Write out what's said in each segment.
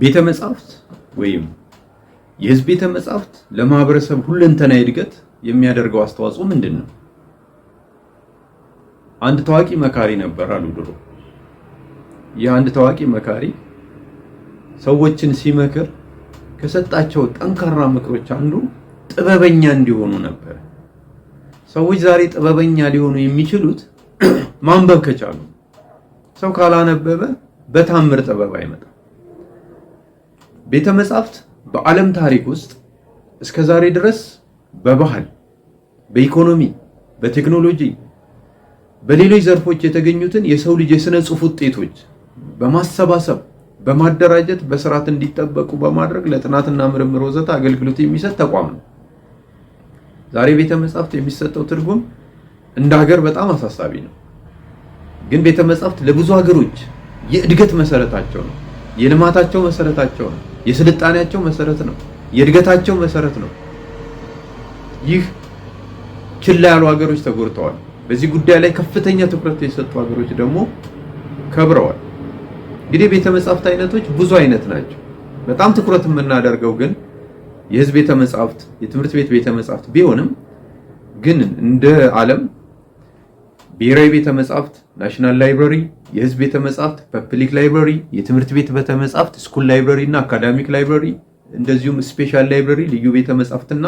ቤተ መጻሕፍት ወይም የህዝብ ቤተ መጻሕፍት ለማህበረሰብ ሁለንተና እድገት የሚያደርገው አስተዋጽኦ ምንድን ነው? አንድ ታዋቂ መካሪ ነበር አሉ ድሮ። ይህ አንድ ታዋቂ መካሪ ሰዎችን ሲመክር ከሰጣቸው ጠንካራ ምክሮች አንዱ ጥበበኛ እንዲሆኑ ነበር። ሰዎች ዛሬ ጥበበኛ ሊሆኑ የሚችሉት ማንበብ ከቻሉ። ሰው ካላነበበ በታምር ጥበብ አይመጣም። ቤተ መጻሕፍት በዓለም ታሪክ ውስጥ እስከ ዛሬ ድረስ በባህል፣ በኢኮኖሚ፣ በቴክኖሎጂ፣ በሌሎች ዘርፎች የተገኙትን የሰው ልጅ የሥነ ጽሑፍ ውጤቶች በማሰባሰብ በማደራጀት በስርዓት እንዲጠበቁ በማድረግ ለጥናትና ምርምር ወዘተ አገልግሎት የሚሰጥ ተቋም ነው። ዛሬ ቤተ መጻሕፍት የሚሰጠው ትርጉም እንደ ሀገር በጣም አሳሳቢ ነው። ግን ቤተ መጻሕፍት ለብዙ ሀገሮች የእድገት መሰረታቸው ነው። የልማታቸው መሰረታቸው ነው። የስልጣኔያቸው መሰረት ነው። የእድገታቸው መሰረት ነው። ይህ ችላ ያሉ ሀገሮች ተጎድተዋል። በዚህ ጉዳይ ላይ ከፍተኛ ትኩረት የሰጡ ሀገሮች ደግሞ ከብረዋል። እንግዲህ ቤተ መጻሕፍት አይነቶች ብዙ አይነት ናቸው። በጣም ትኩረት የምናደርገው ግን የህዝብ ቤተ መጻሕፍት፣ የትምህርት ቤት ቤተ መጻሕፍት ቢሆንም ግን እንደ ዓለም ብሔራዊ ቤተ መጻሕፍት ናሽናል ላይብረሪ፣ የህዝብ ቤተ መጻሕፍት፣ ፐብሊክ ላይብረሪ፣ የትምህርት ቤት ቤተ መጻሕፍት፣ ስኩል ላይብረሪ እና አካዳሚክ ላይብረሪ እንደዚሁም ስፔሻል ላይብረሪ፣ ልዩ ቤተ መጻሕፍትና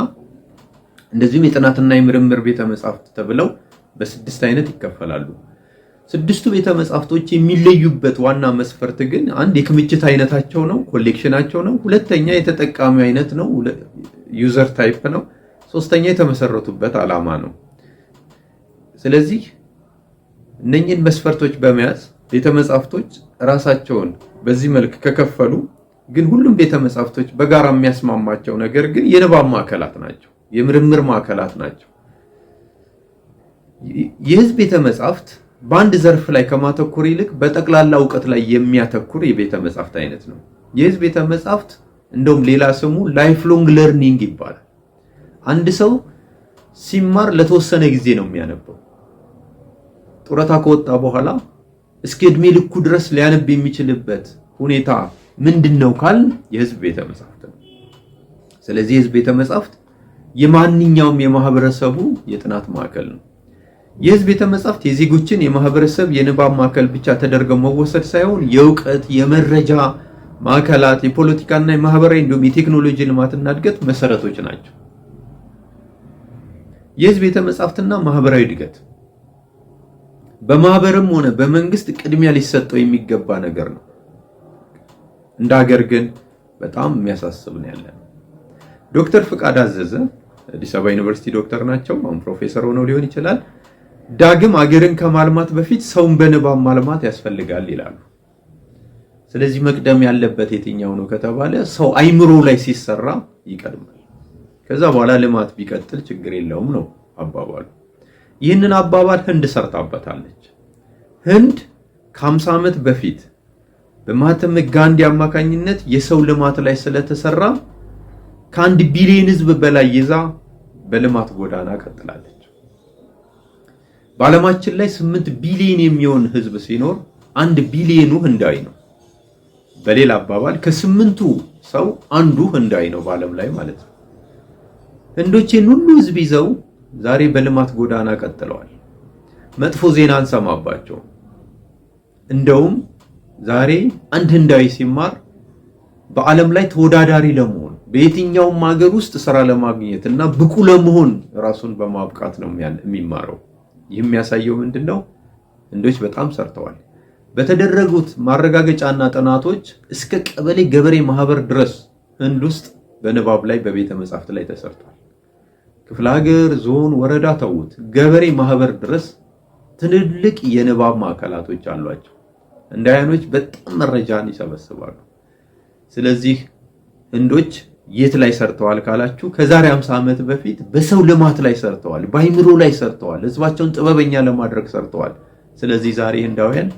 እንደዚሁም የጥናትና የምርምር ቤተ መጻሕፍት ተብለው በስድስት አይነት ይከፈላሉ። ስድስቱ ቤተ መጻሕፍቶች የሚለዩበት ዋና መስፈርት ግን አንድ የክምችት አይነታቸው ነው፣ ኮሌክሽናቸው ነው። ሁለተኛ የተጠቃሚ አይነት ነው፣ ዩዘር ታይፕ ነው። ሶስተኛ የተመሰረቱበት ዓላማ ነው። ስለዚህ እነኝን መስፈርቶች በመያዝ ቤተ መጻሕፍቶች ራሳቸውን በዚህ መልክ ከከፈሉ ግን ሁሉም ቤተ መጻሕፍቶች በጋራ የሚያስማማቸው ነገር ግን የንባብ ማዕከላት ናቸው፣ የምርምር ማዕከላት ናቸው። የህዝብ ቤተ መጻሕፍት በአንድ ዘርፍ ላይ ከማተኩር ይልቅ በጠቅላላ እውቀት ላይ የሚያተኩር የቤተ መጻሕፍት አይነት ነው። የህዝብ ቤተ መጻሕፍት እንደውም ሌላ ስሙ ላይፍ ሎንግ ለርኒንግ ይባላል። አንድ ሰው ሲማር ለተወሰነ ጊዜ ነው የሚያነበው ጡረታ ከወጣ በኋላ እስከ እድሜ ልኩ ድረስ ሊያነብ የሚችልበት ሁኔታ ምንድን ነው ካል የህዝብ ቤተ መጻሕፍት ነው። ስለዚህ የህዝብ ቤተ መጻሕፍት የማንኛውም የማህበረሰቡ የጥናት ማዕከል ነው። የህዝብ ቤተ መጻሕፍት የዜጎችን የማህበረሰብ የንባብ ማዕከል ብቻ ተደርገው መወሰድ ሳይሆን የእውቀት የመረጃ ማዕከላት፣ የፖለቲካና የማህበራዊ እንዲሁም የቴክኖሎጂ ልማትና እድገት መሰረቶች ናቸው። የህዝብ ቤተ መጻሕፍትና ማህበራዊ እድገት በማህበርም ሆነ በመንግስት ቅድሚያ ሊሰጠው የሚገባ ነገር ነው። እንደ ሀገር ግን በጣም የሚያሳስብ ነው ያለ ዶክተር ፍቃድ አዘዘ አዲስ አበባ ዩኒቨርሲቲ ዶክተር ናቸው። አሁን ፕሮፌሰር ሆነው ሊሆን ይችላል። ዳግም አገርን ከማልማት በፊት ሰውን በንባብ ማልማት ያስፈልጋል ይላሉ። ስለዚህ መቅደም ያለበት የትኛው ነው ከተባለ ሰው አይምሮ ላይ ሲሰራ ይቀድማል። ከዛ በኋላ ልማት ቢቀጥል ችግር የለውም ነው አባባሉ። ይህንን አባባል ህንድ ሰርታበታለች። ህንድ ከ50 ዓመት በፊት በማህተመ ጋንዲ አማካኝነት የሰው ልማት ላይ ስለተሰራ ከአንድ ቢሊዮን ህዝብ በላይ ይዛ በልማት ጎዳና ቀጥላለች። በዓለማችን ላይ 8 ቢሊዮን የሚሆን ህዝብ ሲኖር አንድ ቢሊዮኑ ህንዳዊ ነው። በሌላ አባባል ከስምንቱ ሰው አንዱ ህንዳዊ ነው በዓለም ላይ ማለት ነው። ህንዶችን ሁሉ ህዝብ ይዘው ዛሬ በልማት ጎዳና ቀጥለዋል። መጥፎ ዜና አንሰማባቸው። እንደውም ዛሬ አንድ ህንዳዊ ሲማር በዓለም ላይ ተወዳዳሪ ለመሆን በየትኛውም ሀገር ውስጥ ስራ ለማግኘት እና ብቁ ለመሆን ራሱን በማብቃት ነው የሚማረው። ይህ የሚያሳየው ምንድን ነው? ህንዶች በጣም ሰርተዋል። በተደረጉት ማረጋገጫና ጥናቶች እስከ ቀበሌ ገበሬ ማህበር ድረስ ህንድ ውስጥ በንባብ ላይ በቤተ መጻሕፍት ላይ ተሰርቷል። ክፍለ ሀገር፣ ዞን፣ ወረዳ ተዉት፣ ገበሬ ማህበር ድረስ ትልልቅ የንባብ ማዕከላቶች አሏቸው። እንደ አይኖች በጣም መረጃን ይሰበስባሉ። ስለዚህ ህንዶች የት ላይ ሰርተዋል ካላችሁ ከዛሬ 50 ዓመት በፊት በሰው ልማት ላይ ሰርተዋል፣ በአይምሮ ላይ ሰርተዋል፣ ህዝባቸውን ጥበበኛ ለማድረግ ሰርተዋል። ስለዚህ ዛሬ ህንዳውያን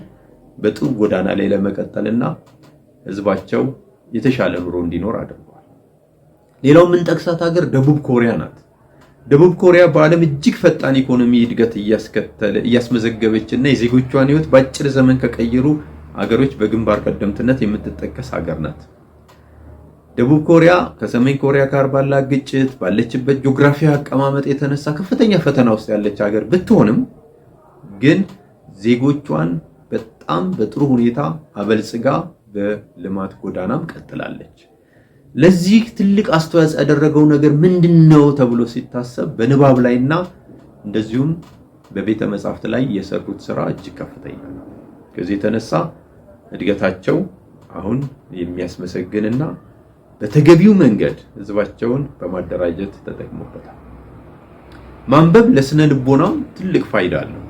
በጥሩ ጎዳና ላይ ለመቀጠልና ህዝባቸው የተሻለ ኑሮ እንዲኖር አድርገዋል። ሌላው የምንጠቅሳት ሀገር ደቡብ ኮሪያ ናት። ደቡብ ኮሪያ በዓለም እጅግ ፈጣን ኢኮኖሚ እድገት እያስከተለ እያስመዘገበች እና የዜጎቿን ህይወት በአጭር ዘመን ከቀየሩ አገሮች በግንባር ቀደምትነት የምትጠቀስ ሀገር ናት። ደቡብ ኮሪያ ከሰሜን ኮሪያ ጋር ባላ ግጭት ባለችበት ጂኦግራፊ አቀማመጥ የተነሳ ከፍተኛ ፈተና ውስጥ ያለች ሀገር ብትሆንም ግን ዜጎቿን በጣም በጥሩ ሁኔታ አበልጽጋ በልማት ጎዳናም ቀጥላለች። ለዚህ ትልቅ አስተዋጽኦ ያደረገው ነገር ምንድን ነው ተብሎ ሲታሰብ በንባብ ላይና እንደዚሁም በቤተ መጻሕፍት ላይ የሰሩት ስራ እጅግ ከፍተኛ ነው። ከዚህ የተነሳ እድገታቸው አሁን የሚያስመሰግንና በተገቢው መንገድ ህዝባቸውን በማደራጀት ተጠቅሞበታል። ማንበብ ለስነ ልቦናም ትልቅ ፋይዳ አለው።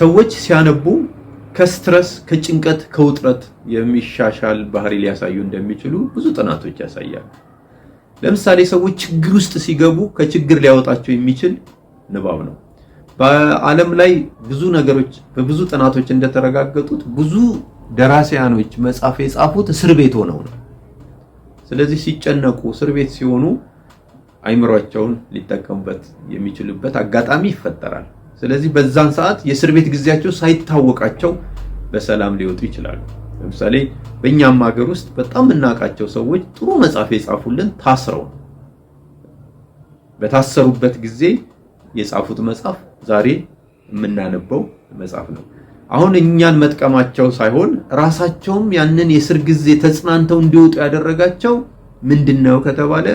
ሰዎች ሲያነቡ ከስትረስ ከጭንቀት ከውጥረት የሚሻሻል ባህሪ ሊያሳዩ እንደሚችሉ ብዙ ጥናቶች ያሳያሉ። ለምሳሌ ሰዎች ችግር ውስጥ ሲገቡ ከችግር ሊያወጣቸው የሚችል ንባብ ነው። በዓለም ላይ ብዙ ነገሮች በብዙ ጥናቶች እንደተረጋገጡት ብዙ ደራሲያኖች መጽሐፍ የጻፉት እስር ቤት ሆነው ነው። ስለዚህ ሲጨነቁ እስር ቤት ሲሆኑ አይምሯቸውን ሊጠቀሙበት የሚችሉበት አጋጣሚ ይፈጠራል። ስለዚህ በዛን ሰዓት የእስር ቤት ጊዜያቸው ሳይታወቃቸው በሰላም ሊወጡ ይችላሉ። ለምሳሌ በእኛም ሀገር ውስጥ በጣም የምናውቃቸው ሰዎች ጥሩ መጽሐፍ የጻፉልን ታስረው በታሰሩበት ጊዜ የጻፉት መጽሐፍ ዛሬ የምናነበው መጽሐፍ ነው። አሁን እኛን መጥቀማቸው ሳይሆን ራሳቸውም ያንን የእስር ጊዜ ተጽናንተው እንዲወጡ ያደረጋቸው ምንድነው ከተባለ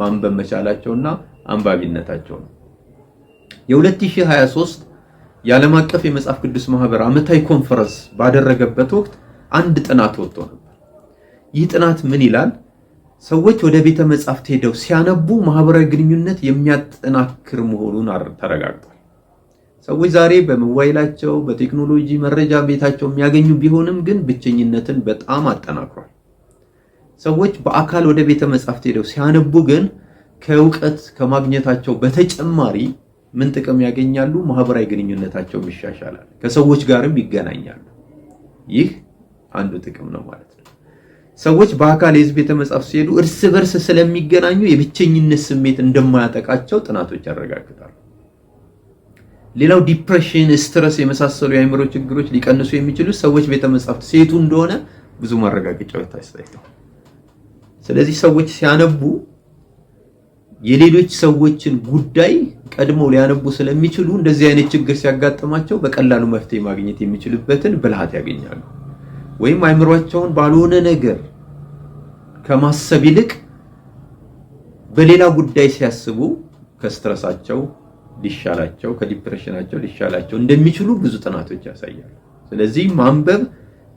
ማንበብ መቻላቸውና አንባቢነታቸው ነው። የ2023 የዓለም አቀፍ የመጽሐፍ ቅዱስ ማህበር ዓመታዊ ኮንፈረንስ ባደረገበት ወቅት አንድ ጥናት ወጥቶ ነበር። ይህ ጥናት ምን ይላል? ሰዎች ወደ ቤተ መጻሕፍት ሄደው ሲያነቡ ማህበራዊ ግንኙነት የሚያጠናክር መሆኑን ተረጋግጧል። ሰዎች ዛሬ በሞባይላቸው በቴክኖሎጂ መረጃ ቤታቸው የሚያገኙ ቢሆንም ግን ብቸኝነትን በጣም አጠናክሯል። ሰዎች በአካል ወደ ቤተ መጻሕፍት ሄደው ሲያነቡ ግን ከእውቀት ከማግኘታቸው በተጨማሪ ምን ጥቅም ያገኛሉ? ማህበራዊ ግንኙነታቸውም ይሻሻላል፣ ከሰዎች ጋርም ይገናኛሉ። ይህ አንዱ ጥቅም ነው ማለት ነው። ሰዎች በአካል የህዝብ ቤተ መጻሕፍት ሲሄዱ እርስ በርስ ስለሚገናኙ የብቸኝነት ስሜት እንደማያጠቃቸው ጥናቶች ያረጋግጣሉ። ሌላው ዲፕሬሽን፣ ስትረስ የመሳሰሉ የአእምሮ ችግሮች ሊቀንሱ የሚችሉት ሰዎች ቤተ መጻሕፍት ሲሄዱ እንደሆነ ብዙ ማረጋገጫ አሳይተዋል። ስለዚህ ሰዎች ሲያነቡ የሌሎች ሰዎችን ጉዳይ ቀድሞ ሊያነቡ ስለሚችሉ እንደዚህ አይነት ችግር ሲያጋጥማቸው በቀላሉ መፍትሄ ማግኘት የሚችልበትን ብልሃት ያገኛሉ። ወይም አይምሯቸውን ባልሆነ ነገር ከማሰብ ይልቅ በሌላ ጉዳይ ሲያስቡ ከስትረሳቸው ሊሻላቸው፣ ከዲፕሬሽናቸው ሊሻላቸው እንደሚችሉ ብዙ ጥናቶች ያሳያሉ። ስለዚህ ማንበብ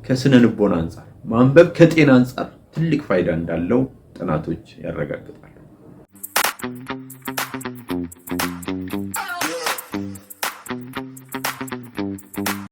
ከስነ ልቦና አንጻር፣ ማንበብ ከጤና አንጻር ትልቅ ፋይዳ እንዳለው ጥናቶች ያረጋግጣሉ።